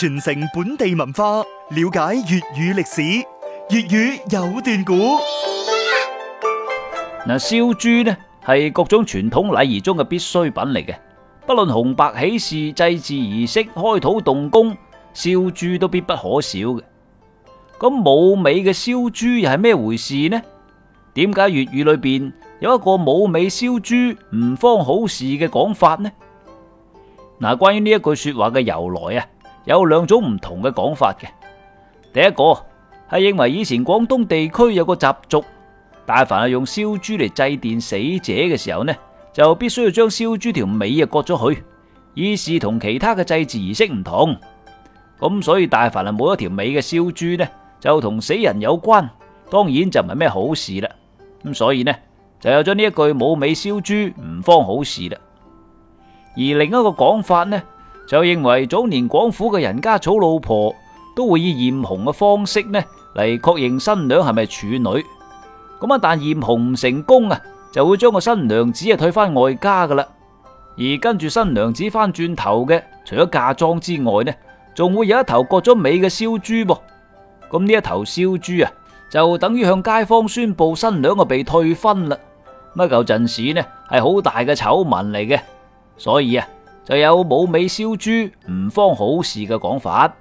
傳承本地文化，了解粵語歷史，粵語有段古。嗱，燒豬呢係各種傳統禮儀中嘅必需品嚟嘅，不論紅白喜事、祭祀儀式、開土動工，燒豬都必不可少嘅。咁冇尾嘅燒豬又係咩回事呢？點解粵語裏邊有一個冇尾燒豬唔慌好事嘅講法呢？嗱，關於呢一句說話嘅由來啊！有兩種唔同嘅講法嘅，第一個係認為以前廣東地區有個習俗，大凡係用燒豬嚟祭奠死者嘅時候呢，就必須要將燒豬條尾啊割咗佢，以示同其他嘅祭祀儀式唔同。咁所以大凡係冇一條尾嘅燒豬呢，就同死人有關，當然就唔係咩好事啦。咁所以呢，就有咗呢一句冇尾燒豬唔慌好事啦。而另一個講法呢？就認為早年廣府嘅人家娶老婆都會以驗紅嘅方式呢嚟確認新娘係咪處女。咁啊，但驗紅唔成功啊，就會將個新娘子啊退翻外家㗎喇。而跟住新娘子翻轉頭嘅，除咗嫁妝之外呢，仲會有一頭割咗尾嘅燒豬噃。咁呢一頭燒豬啊，就等於向街坊宣布新娘啊被退婚啦。咁啊舊陣時呢係好大嘅醜聞嚟嘅，所以啊。又有冇尾燒豬唔慌好事嘅講法。